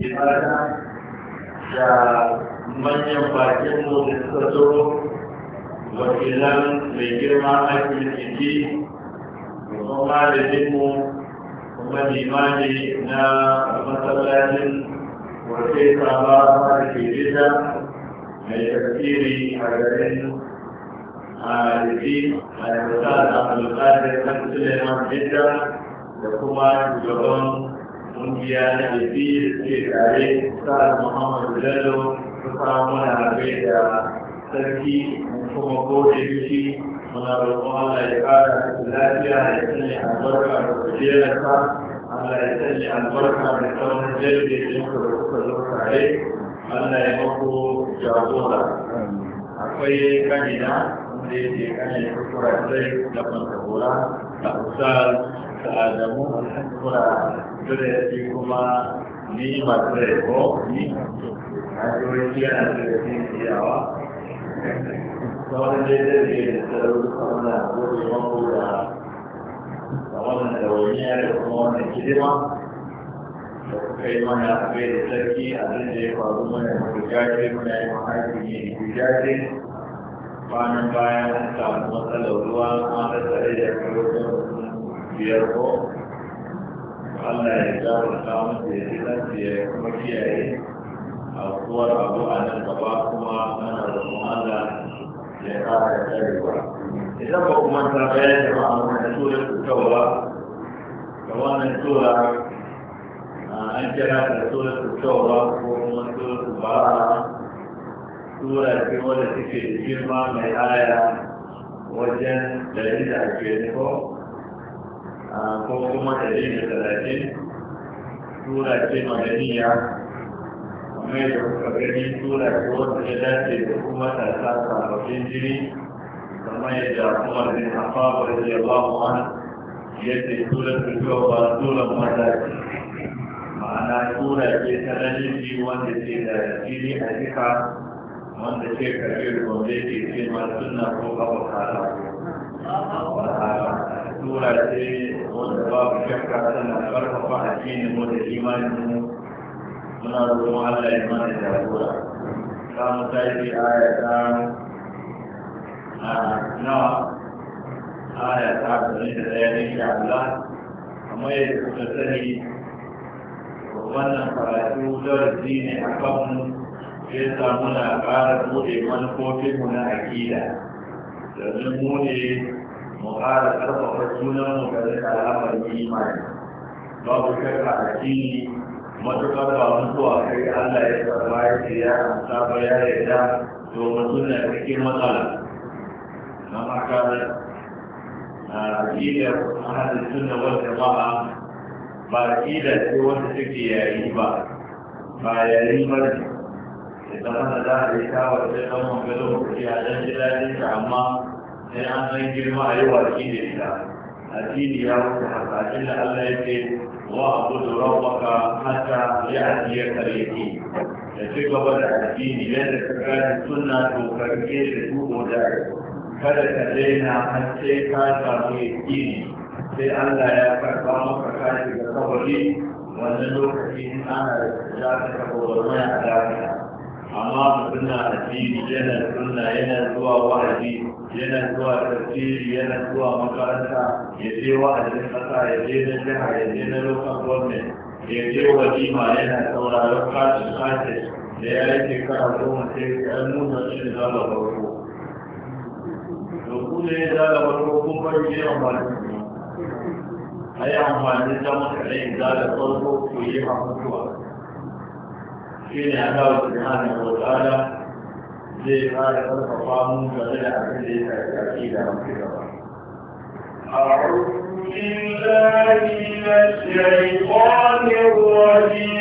ibada da manyan bakin mu da suka zo wakilan mai girma aikin jiki kuma malaminmu kuma limani na masallacin wace saba da ke mai tafsiri a garin a jiki a yanzu da alƙadar kan suleiman da kuma shugaban kungiya na ibi da tare sa muhammadu bello su samu mana bai da sarki kuma ko da yushi muna roƙon allah ya ƙara lafiya ya sanya albarka da kujerarsa allah ya sanya albarka da sauran jirgin da suka zo tare allah ya mako jagora akwai kanina da yake kan ya kura sai da fantabura da usal da adamu kura da yake kuma ni masu ko ni a yi yana da yake iyawa sauran daidai da yake da sarari kawai na gobe mako da da wannan dawainiya da kuma wannan hidima da kuka yi mana abai da sarki a zai da ya faru mana da gujaje muna yi mahaifi ne da kwanan baya an samu matsalar ruwa mata tare da kyautar biyar ko Allah ya gaba samun da ya ji lafiya ya kuma kiyaye a kuwar abu a nan gaba kuma ana da Allah ya kara da tsarewa. Idan ba kuma ta bayan da sura ce wadda take girma mai aya wajen dari da ashirin ko ko kuma dari da talatin sura ce madaniya kamar da kuka gani sura ce wadda ya dace da kuma tarsa sababbin jini kamar yadda kuma da hafafa da yawa an yadda sura ta zuwa ba sura mata ma'ana sura ce ta rajin wanda ke da jini a jika wanda ke karfe gombe ke ce ma suna ko kafa kata tura ce wanda babu shakka tana karfafa addinin mu da imanin mu muna roƙon Allah ya mana jagora za mu tashi aya ta na aya ta ɗari da ɗaya ne sha Allah kamar yadda kuka sani wannan karatu darasi ne a kanmu sai sa muna ƙara buɗe manufofinmu na aƙida domin mu ne mu ƙara ƙarfafa junanmu ga zai alamar imani babu shakka a cini matuƙar ba mutuwa kai Allah ya karba ya ce ya amsa ba ya yarda to mutum na cikin matsala na haka aƙidar ahalin sunna wal jama'a ba aƙida ce wanda take yayi ba ba yayi ba ne zama da za a yi shawar da ɗan mangalo kuɗi a ɗan ji daɗin amma sai an san girma a yi watsi da ita a addini ya wuce hasashen da Allah ya ce wa abu da rabbaka hatta ya ajiye kareki da ci gaba da addini yadda ka gane suna to karke da dubo da kada ka daina har sai ka samu yaƙini sai Allah ya karɓa maka kashi da kabari wannan lokacin ana da ta kafa wani a lafiya amma suna na addini yana sunna yana zuwa wa'azi yana zuwa tafsiri yana zuwa makaranta ya je wa'azin kasa ya je na jiha ya je na local government ya je walima yana sauraron kashin kashin da ya yake karatu mutum ya nuna shi da zaba farko to ku ne ya zaba farko kun bari yi amfani a yi amfani da mutane da farko ku yi hakutuwa shi ne Allah subhanahu wa ta'ala zai fara karfafa mu game da abin da ya shafi aqida mafi gaba أعوذ بالله من الشيطان الرجيم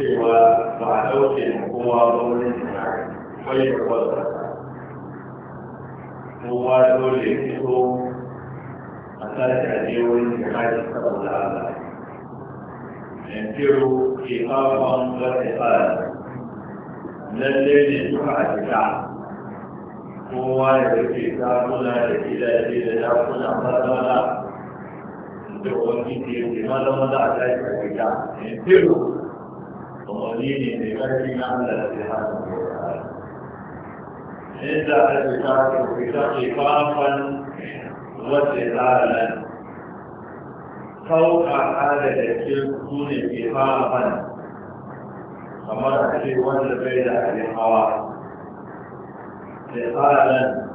cewa ba a ɗauke kowa ba kowa dole fito a sashi a je wurin saboda Allah yankiru ke kawon wata fara lalle ne suka a fita kowa ya rufe zakuna da gidaje da dakuna mazana da wani ke yi maza a tashi a fita yankiru الدين بفكر أن الاتحاد بالله عند الاتحاد بشق وسلالا فوق حالة الكون اتفاقا كما تجي وجه بين اهل الحوار اتفاقا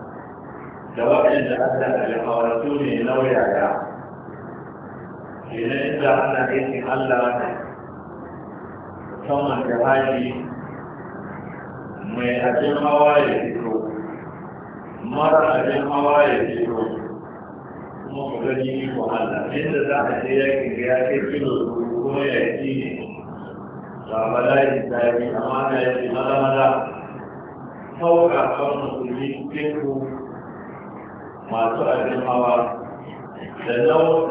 سواء ان اهل الحوارتون نويا يا حين ان اهل الاتحاد musamman da haji mai abin hawa ya fito mara abin hawa ya fito kuma ku gani ko Allah inda za a ce ya ga ya ke kilo kuma ya ci ne ba ba bala'i ta yi amma ya mara mara hau ka sauka kan musulmi teku masu abin hawa da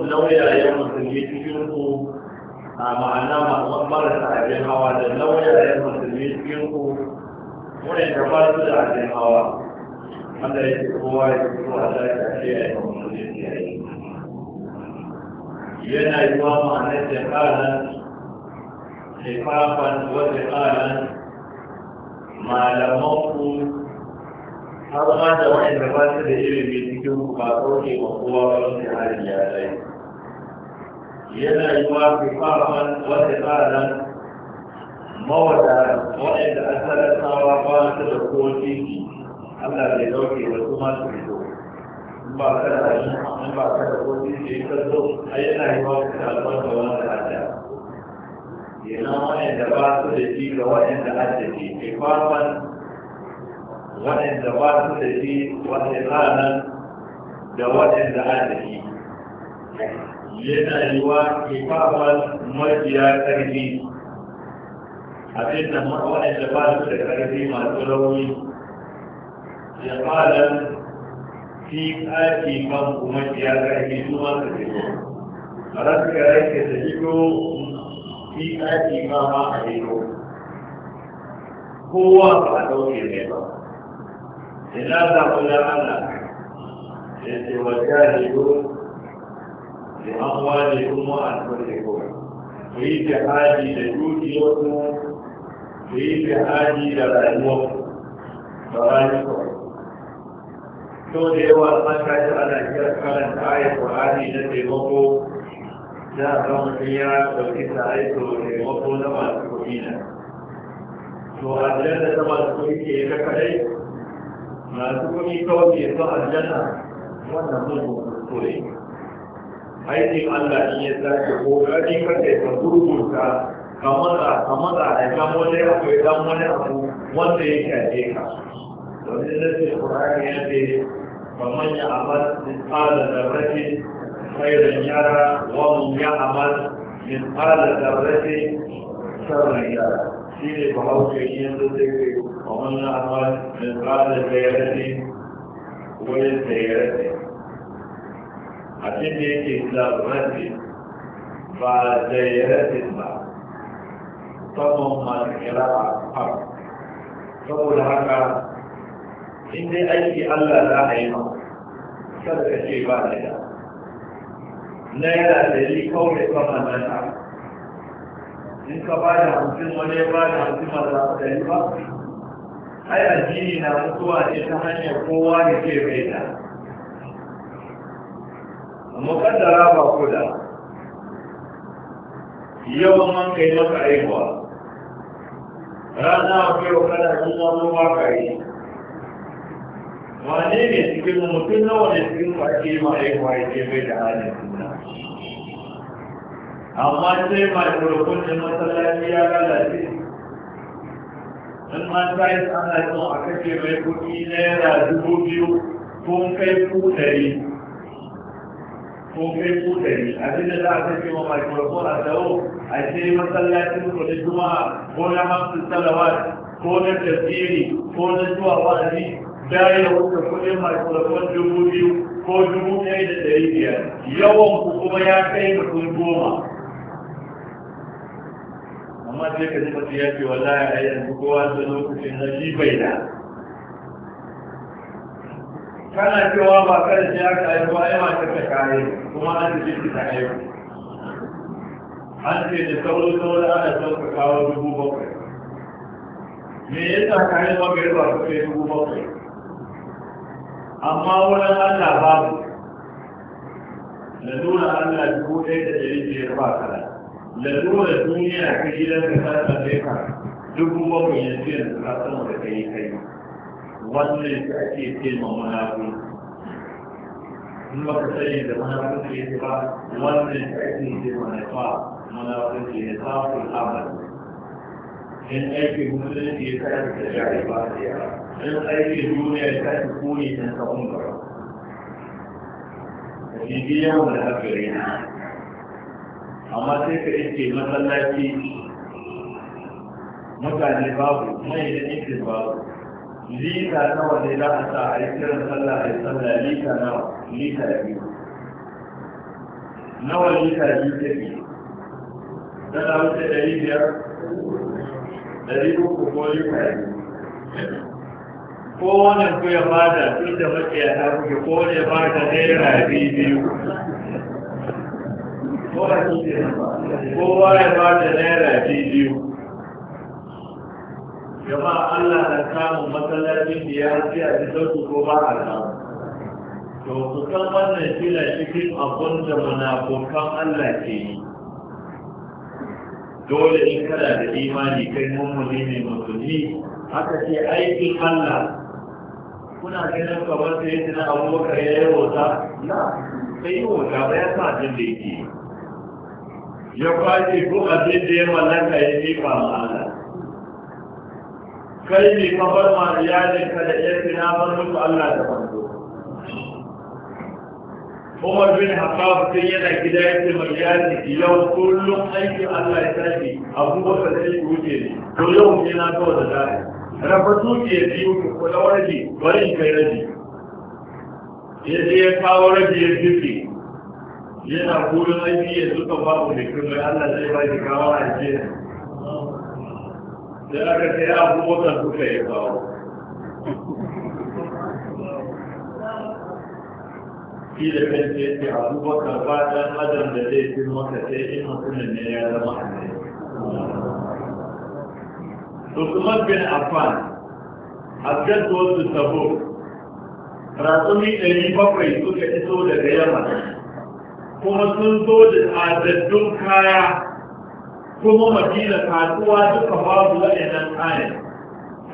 lauyayen musulmi cikin ku a ma'ana masu marasa abin hawa da lauya da yin musulmi cikin ku wani da ba su da abin hawa wanda ya ce kowa ya fito a ce ya yi musulmi ya yi yana yi wa ma'anar shekaran shekafan wata malaman ku har ma da wani da ba su da ilimi cikin ku ba sauke wa kowa wani hari ya tsaye yana yi wa fifaman wata tsaran mawada waɗanda an sarrafawa ba su da kowace Allah bai dauke wasu masu fito in ba ka da shi in ba ka da kowace ce ka zo a yana yi wa fifaman da wanda hada yana waɗanda ba su da shi ga waɗanda da shi fifaman waɗanda ba su da shi wata tsaran da waɗanda hada shi yana yiwa kifafan majiya ƙarfi abin da waɗanda ba su da ƙarfi masu rauni ya falon fi ƙarfi man kuma majiya ƙarfi su ma su fito a rasu ga rake da fito fi ƙarfi ma ma a fito kowa ba a ɗauke ne ba ina zaɓi na Allah ya ce wa jari لأموالكم وأنفسكم في جهاد لجودكم في جهاد لرأيكم فرأيكم sau da yawa an tashi ana kira kalan ayat Qur'ani na taimako da ga mutum ya dauki ta ayat taimako na masu kuɗi na. To aljanna ta masu kuɗi ke ga kadai masu kuɗi kawai ke so aljanna wannan mulkin kuskure. aikin Allah ne ya ko, kokari kanta ya gurgunta ka maza ka matsa da kan wani abu ya dan wani abu wanda ya shafe ka domin na ce Qur'ani ya ce ba manya amal min qala darrati khairan yara wa man ya'mal min da rafi sharran yara shi ne ba hauke yanzu sai kai wa man ya'mal min wani darrati ya ya'mal abin da yake zarrafi ba zayyarafin ba saman masu kira a saboda haka in dai aiki allah za a yi ma sarka ce ba da ya naira dari kawai saman nan a in ka ba da hamsin wani ya ba da hamsin masu dari ba ai addini na mutuwa ne ta hanyar kowa da ke bai da mukaddara ba ko da yau man kai maka aihuwa rana akwai wakada sun zama waka yi wane ne cikin mutum nawa ne cikin ake yi ma aihuwa ya ke bai da halin suna amma sai ma turkun da masallaci ya lalace in man sai ana son a kashe mai kuɗi naira dubu biyu kun kai ku dari. ko da za a sake wa microphone a tsawo masallacin ku na juma'a ko na salawat ko na tafsiri ko zuwa wa'azi da ya wuce kuɗin microphone dubu biyu ko dubu ɗaya da ɗari biyar yawan ku kuma ya kai mutum goma amma sai ka ji mutum ya ce wallahi a yanzu kowa da lokacin na shi bai da kana cewa ba kada shi aka yi ba ai ma ta kare kuma an ji shi ta kai an ce da sauro sauro ana sauka kawo dubu bakwai me yasa kayi ba gari ba su kai dubu bakwai amma wurin Allah babu lalura Allah dubu ɗaya da ɗari biyar ba kada lalura duniya ka gidan ka sa ta dubu bakwai yanzu yanzu ka sama da kai kai wannan da ake ce ma munafi in baka sani da munafi ke ce ba wannan da ake ce ma nafa munafi ke ne ta ku amal in aiki musulunci ya sa ta shari ba da yawa in aiki duniya ya sa koyi dan ka ungara shi biya mu da hakari amma sai ka ce masallaci mutane babu mai da nufin babu lita nawa ne za a sa a yi kiran sallah a yi sallah lita nawa lita biyu nawa lita biyu ke biyu tana wuce ɗari biyar ɗari uku ko lita biyu wani ku ya bada tun da ya ta kuke wani ya bada naira biyu biyu Ko kowa ya bada naira biyu biyu jama'a Allah na samun masallacin da ya ce a cikin su ko ba a to ku san wannan shi na cikin abun da munafukan Allah ke yi dole in kada da imani kai mummuni ne musulmi haka ce aikin Allah kuna ganin kamar sai yadda na abubakar ya yi wata na sai yi wata ba ya sa abin da yake ya kwace ko abin da ya mallaka ya jefa ma'ana. Allah kai ne ka bar ma ka da yake na bar muku Allah da manzo Umar bin Hafaf sai yana gida yake mai yaki yau kullum aikin Allah ya tashi abubakar sai ku wuce ne to yau ne na kawo da dare rabatu ke biyu ko da wani bari kai raji. ya je ya kawo rabi ya fifi yana kullum aiki ya zuka babu ne kuma Allah zai ba shi kawo a jiya da aka ce abubakar suka yi kawo shi da kan ce ce abubakar ba ɗan adam da zai fi maka sai in mutumin ne ya zama annabi Usman bin Affan Abdul Wasu Sabo ratsumi ɗari bakwai suka iso daga yamma kuma sun zo da adaddun kaya kuma madina kasuwa duka babu waɗannan kayan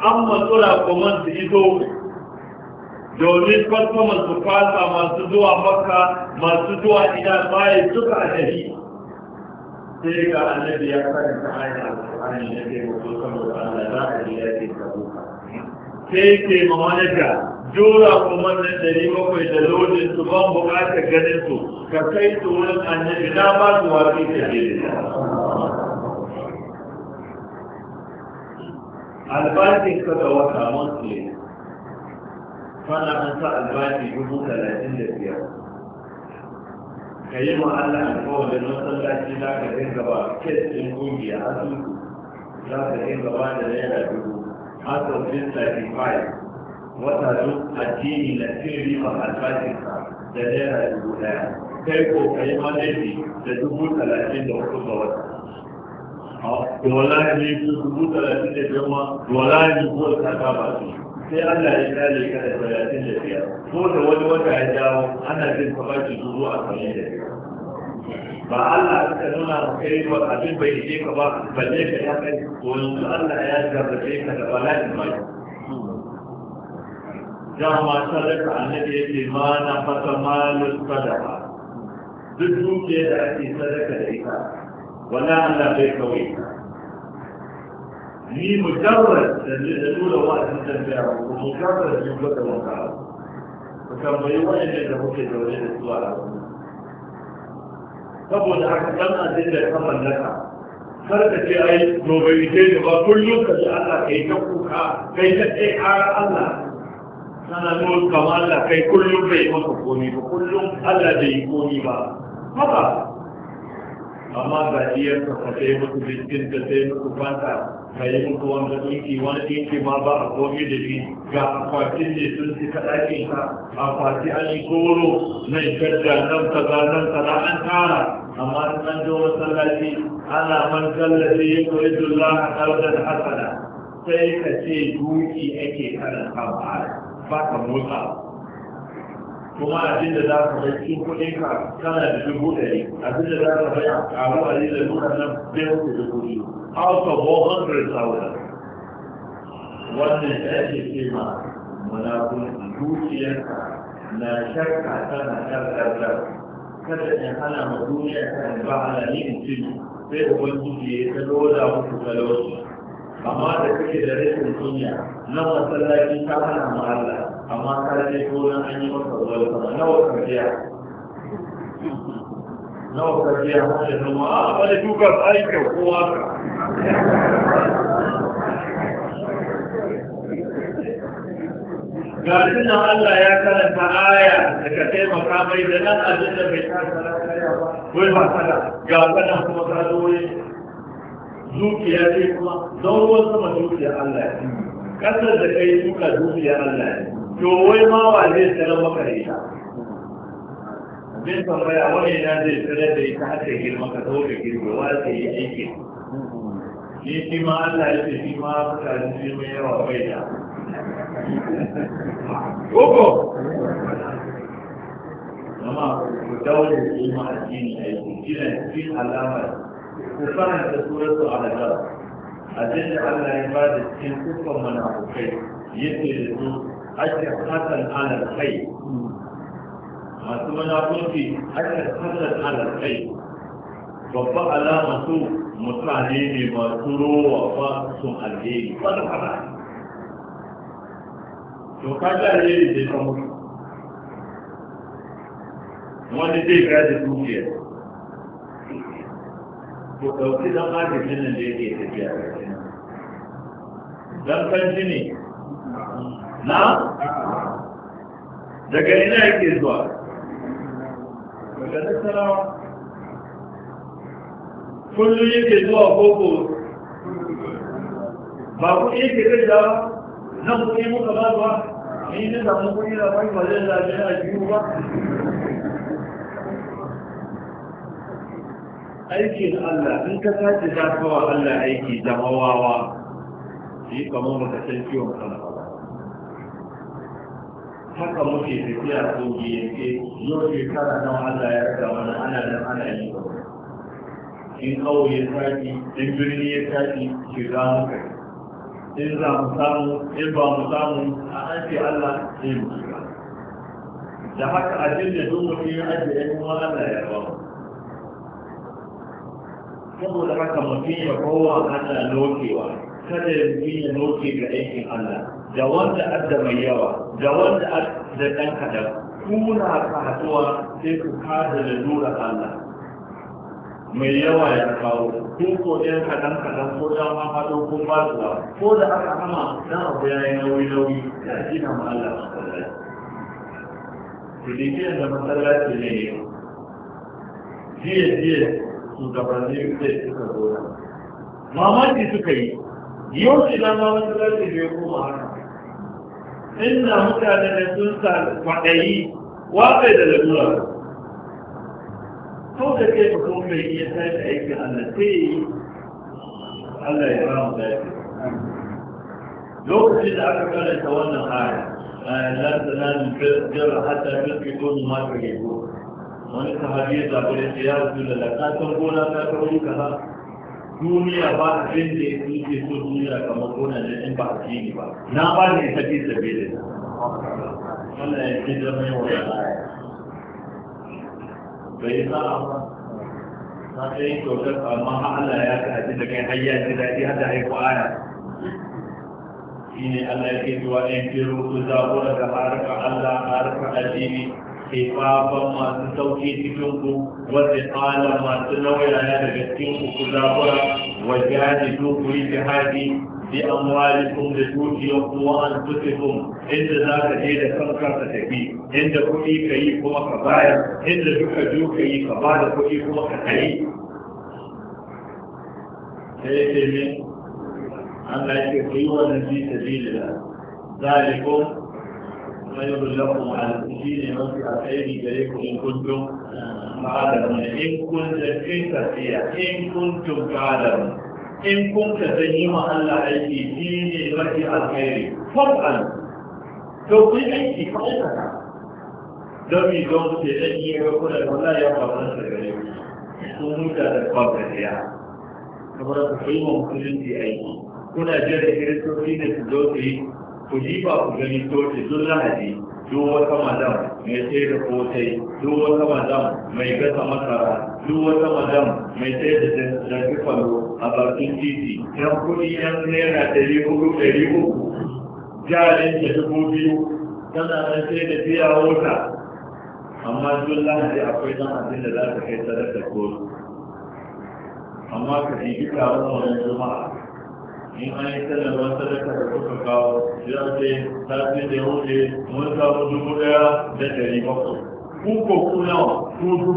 an matsura kuma su iso domin farko masu fasa masu zuwa makka masu zuwa Idan, bayan suka a tafi sai ga annabi ya karanta ayin alƙur'ani na ke mutu saboda Allah za a yi yake sabuka sai ke mamanaja jura kuma na ɗari bakwai da lodin su ban buƙatar ganin su ka kai su wurin annabi na ba su wafi ta albashin ka ga wata monthly wannan an sa albashi dubu talatin da biyar ka yi ma Allah da masallaci za ka dinga ba kes ɗin ƙungiya asusu za ka dinga ba da naira dubu asofin 35 wata duk addini na cin riba albashinka da naira dubu ɗaya kai ko ka yi manaji da dubu talatin da hudu ga wata to wallahi ne su dubu talatin da biyar ma wallahi ne ko ta ka ba su sai Allah ya kare ka da talatin da biyar ko da wani wata ya dawo ana jin ka baki dubu a kan da ba Allah ka nuna kai wa abin bai je ka ba balle ka ya kai to yanzu Allah ya jarrabe ka da bala'i mai dama sadaka annabi yake ma na fata malus sadaka duk dukiyar da ake sadaka da ita ولا أن لا يحتويه هي مجرد الأولى وقت التنبيه ومجرد جملة المقارنة وكان بيوان يجد الهوكي توجد السؤال فبو دعك كما زيد يحفظ لك فرد في أي نوبيتين وكل يوم تجعل الله كي تقوك كي تتحقى الله أنا نقول كما الله كي كل يوم بيكون تقوني وكل يوم الذي يكوني بقى فقط amma ba iya ka sai musu biskin da sai musu fanta ka yi muku wanda tunki wani tunki ma ba a komi da shi ga akwati ne sun ci kaɗaƙin ka akwati an yi goro nan shadda nan kaza nan kaza an tara amma in an zo masallaci ana man tallafi ya koyi dulla a ƙarfin hasana sai ka ce duki ake karanta ba ka motsa kuma abin da za ka bai cikin kuɗin ka kana da dubu ɗari abin da za ka bai a ruwa ne da nuna nan bai wuce dubu biyu out of one hundred thousand wannan shi ake ce ma munafun zuciyarka na shakka tana karkarkar kada in hana ma duniya kan ba ala ni in ci sai ubangiji ya ta loda muku talauci amma da kake da rashin duniya na masallaci ta hana ma Allah amma ka je gona an yi maka ruwa sama nawa karfiya nawa karfiya hanyar zama a bane dukkan aikin kowa ka ga tunan Allah ya karanta aya da ka taimaka mai da nan abin da bai kasa na karya ba wai ba kada ga wannan kuma ka zo dukiya ce kuma don ruwan sama dukiya Allah ne kasar da kai duka dukiya Allah ne to wai ma wa zai sanar maka da ita abin tambaya wani na zai sanar da ita haka girma ka saboda girma wa zai yi aiki ne shi ma Allah ya ce shi ma mutane shi mai yawa bai da koko amma ku daure shi ma addini aiki kina cikin alamar ku karanta suratul al-azab abin da Allah ya ba da cikin kukan munafukai yake da su أشحة على الخير ما ثم نقول في أشحة على الخير babba alama su mutane ne masu rowa ba sun alheri ba da fara to ka ji alheri zai kan mutu wani zai ga da dukiya ko ɗauki dan arzikin nan da yake tafiya da shi dan kan jini na daga ina yake zuwa daga nasarawa kullum yake zuwa koko ba ku yake zai da nan kuɗi muka ba ba ni na samu kuɗi da kai ba zai zaɓe a biyu ba aikin Allah in ka sace za ka wa Allah aiki da mawawa shi kamar baka san ciwon kanka ba haka muke tafiya ko yake yau shekara nan Allah ya raka mana ana nan ana yi in kawo ya tafi in birni ya tashi shiga muka in za mu samu in ba mu samu a an ce Allah sai mu shiga da haka abin da duk mutum ya ajiye ya kuma Allah ya ba saboda haka mutum ya kowa Allah lokewa kada yanzu ya nauke ga aikin Allah da wanda adda mai yawa da wanda adda ɗan kaɗan kuna ka haɗuwa sai ku kada da nura Allah mai yawa ya kawo ko ko ɗan kaɗan kaɗan ko ɗan mahaɗo ko ba su ko da aka hama ɗan abu ya yi nauyi nauyi ya gina ma Allah masallaci. Kudikin da masallaci ne jiya jiya shugabanni zai suka zo mamaki suka yi yau idan ma wani zarfi bai koma haka inna mutane da sun sa kwaɗayi waƙai da lalura ko da kai ba kuma mai iya tashi aikin Allah sai Allah ya ramu da lokacin da aka karanta wannan haya la tsanani jira hatta ta ko ma ka gebo wani sahabi ya zaɓi da ya rasu da lakatan gona ta kawo ka ha duniya ba abin da ya tuke so duniya kamar gona da in ba a ji ba na ba ne ta fi sabi da Allah ya ce zama yawa da aya bai yi sa'a ba Na ta yi kyautar amma Allah ya ka ji da kai har ya ji daɗi har da haiku aya shi ne Allah ya ke zuwa ɗan fero su zaɓura da harkar Allah harkar addini kefafan masu sauki cikin ku wanda tsala masu nauyaya daga cikin ku ku zabura wa jihadi ku ku yi jihadi bi amwalikum da dukiyanku wa anfusikum inda za ka je da kanka ka tafi inda kuɗi ka yi kuma ka bayar inda duka ju ka yi ka ba da kuɗi kuma ka kai sai ya ce min Allah ya ce ku yi wannan fi sabilillah zalikum خير لكم على الدين وفي الخير إليكم إن كنتم تعلمون إن كنت كيف فيها إن كنتم تعلمون إن كنت تنيم الله أيدي ديني وفي الخير فافعل لو في أيدي فأيدك دمي دون في أيدي وكل الله يقبل نفسك sun huta da kwakwariya kamar su yi wa musulunci aiki kuna jira kiristoci da su zo su yi ku diba ku gani coci duk lahadi duk wata madam mai sai da kotai duk wata madam mai gasa masara duk wata madam mai sai da zafi falo a bakin titi yan kudi yan naira ɗari uku ɗari uku jarin da dubu biyu tana nan sai da biya wuta amma duk lahadi akwai dan abin da za ta kai da kotu amma ka ɗibi taron wani juma'a in an yi tallaban sadaka da kuka kawo ya ce sati da wuce mun samu dubu daya da dari bakwai ku ko ku nawa dubu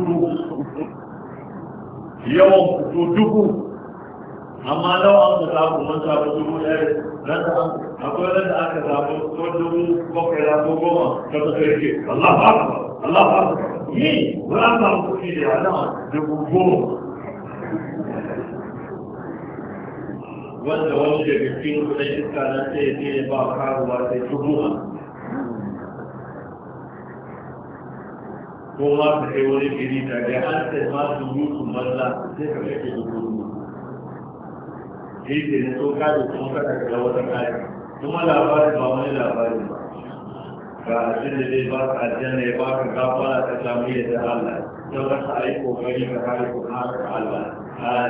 yawan ku dubu amma nawa an ka samu mun samu dubu daya nan da an akwai nan da aka samu ko dubu bakwai da ko goma ta ta karke Allah ba Allah ba ni samu kuɗi da yawa dubu goma wanda wani daga cikin kudin iska na ya ba karuwa sai tuhuwa ko ma su kai wani fili ta ga an sai ma su mutu malla sai ka kake da gudu ke so ka da kuma kada ga wata kayan kuma labarin ba wani labarin ba ga abin da zai ba ka aljanna ba ka gafara ta samu yadda Allah don ka sa aiko gari ka kare ko haka Allah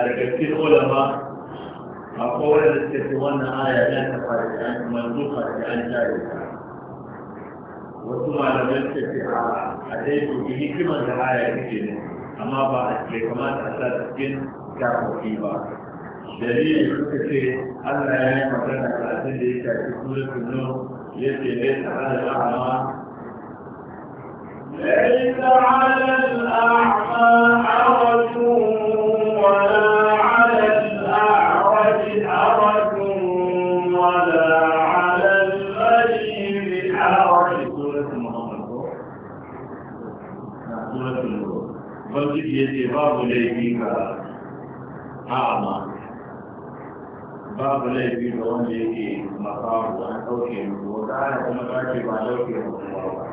daga cikin ulama a kowai da suke ce wannan aya ya ta fara da an manzuka da an jare ta wasu malamai suke ce a a dai to hikimar da aya take ne amma ba a ke kamata a sa cikin kafofi ba dalilin suka ce Allah ya yi magana da abin da ya shafi suratul nur yace ne ta alama ليس على الأعمى حرج ce babu laifi ga ama babu laifi ga wanda yake makawo an ɗauke mu wata ana kuma ta ce ba ɗauke mu kuma ba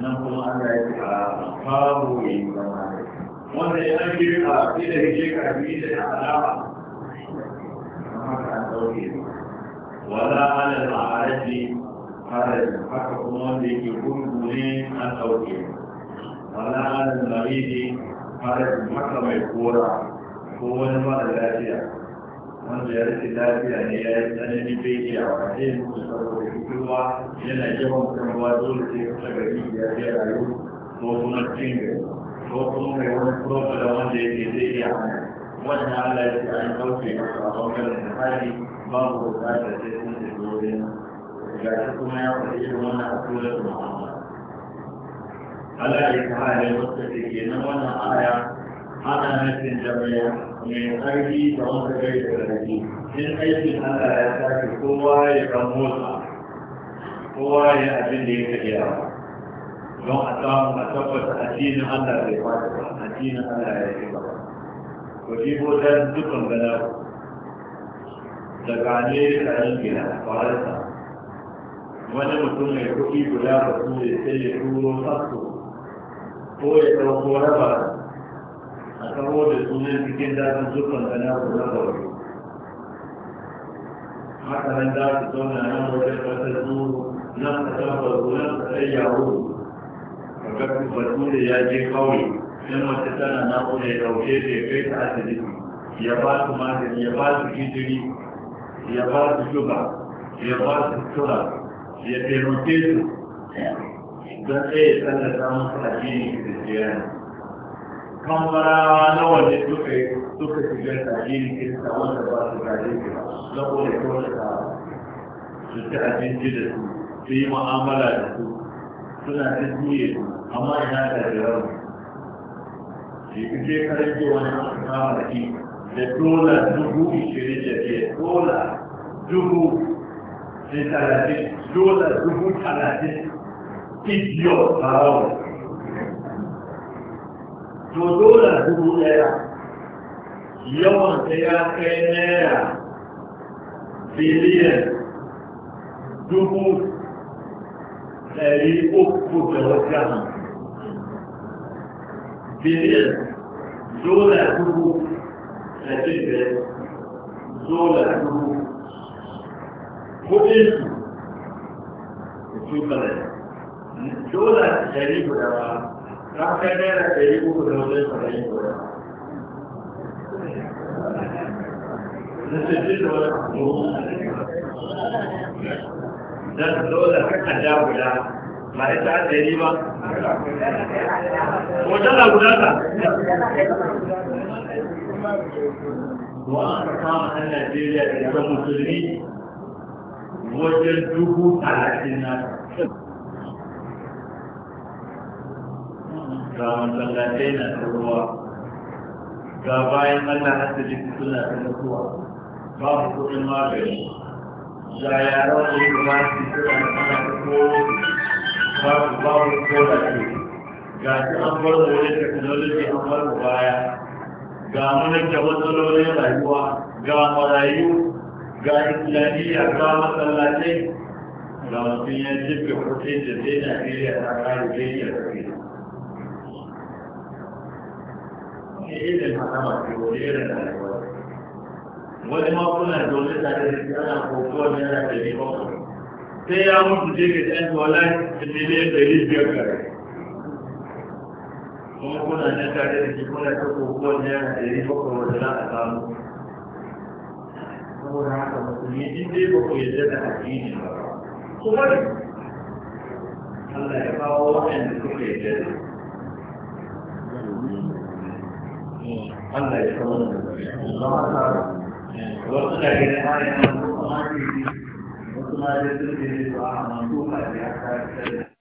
nan kuma an da yake a makawo yi zama wanda ya an kiri a fi da hije ka fi da ya alama haka an ɗauke mu wala ala ma'arafi haraji haka kuma wanda yake gurgu an ɗauke mu wala ala maridi harajin haka mai kora ko wani mara lafiya wanda ya rike lafiya ne ya yi tsanani bai iya wa zai mutu saboda hikirwa yana yawan kanwa dole sai kusa gari ya je rayu ko kuma cin gari ko kuma mai wani problem wanda ya yake zai iya hana na Allah ya ce an kauce masa a bangaren hali babu bukatar sai sun da dole ga shi kuma ya faɗi irin wannan a tura su mu'amala على أي حال المتفقين وانا آية أنا نسل جميع من أيدي فوانت غير الذي إن أيدي أنا يساك قوة يكموسا قوة يأبن لي كثيرا لو أتام أتفت أدين هذا في فاتحة أدين أنا يجب وجيبوا ذلك دكم بناه تقانير الأنجلة فارسة wani mutum mai kuɗi guda ba su ne sai ya turo fasto ko ya ɗauko raba a kawo da sunan cikin dajin zukan da na su raba wani hakanan da su zauna na wajen kasar su nan ka tafa nan kasar yawo ka gafi batu da ya je kawai sai mace tana na kuma ya dauke da ya kai ta asibiti ya ba su magani ya ba su gidiri ya ba su shuga ya ba su tura ya taimake su don tsaye tallata musu addinin kiristiyani kamarawa na wanda suka suka shiga addinin kirista wanda ba su gaje ki ba saboda kyautata su ci abinci da su su yi mu'amala da su suna ta juye su amma ina da jirawa shi kuke karfe wani kama da ki da dola dubu ishirin da biyar dola dubu sai talatin dola dubu talatin idiot a rawa to dole dubu daya yawan ta ya kai naira biliyan dubu dari uku da wata biliyan dole dubu da jirgin dole dubu kudin su su kalai dola ɗari guda ba za ka naira ɗari uku da wajen saba'in guda na sirri da wani abu da dola kakanda guda ba ita ɗari ba ko dala guda ta wa aka kama ɗan Najeriya da ɗan musulmi wajen dubu talatin na ga masallatai na ruwa ga bayan allah asibiti suna ta ba babu kudin magani ga yara da yi ba su suna suna ta koro babu babu kora ce ga su an bar da wani teknoloji an bar da baya ga mana manake matsalolin rayuwa ga marayu ga islamiyya ga masallatai ga mutum ya jirga kudin da zai na iya ta kare da iya ne wani irin rayuwa wani tare da shi ana kokowa ne da neman sai ya mutu je ga ɗan wala da miliyan ɗari biya gare kuma kuna ne tare da shi kuna ta kokowa da ana ɗari bakwai da za a samu saboda haka musulmi in ba da addini ba ku ne. Allah ya kawo waɗanda suka Allah ya kawo da zama ta wasu da gani ma ya kawo wasu ma da wasu ma ya a da wasu ma ya kawo da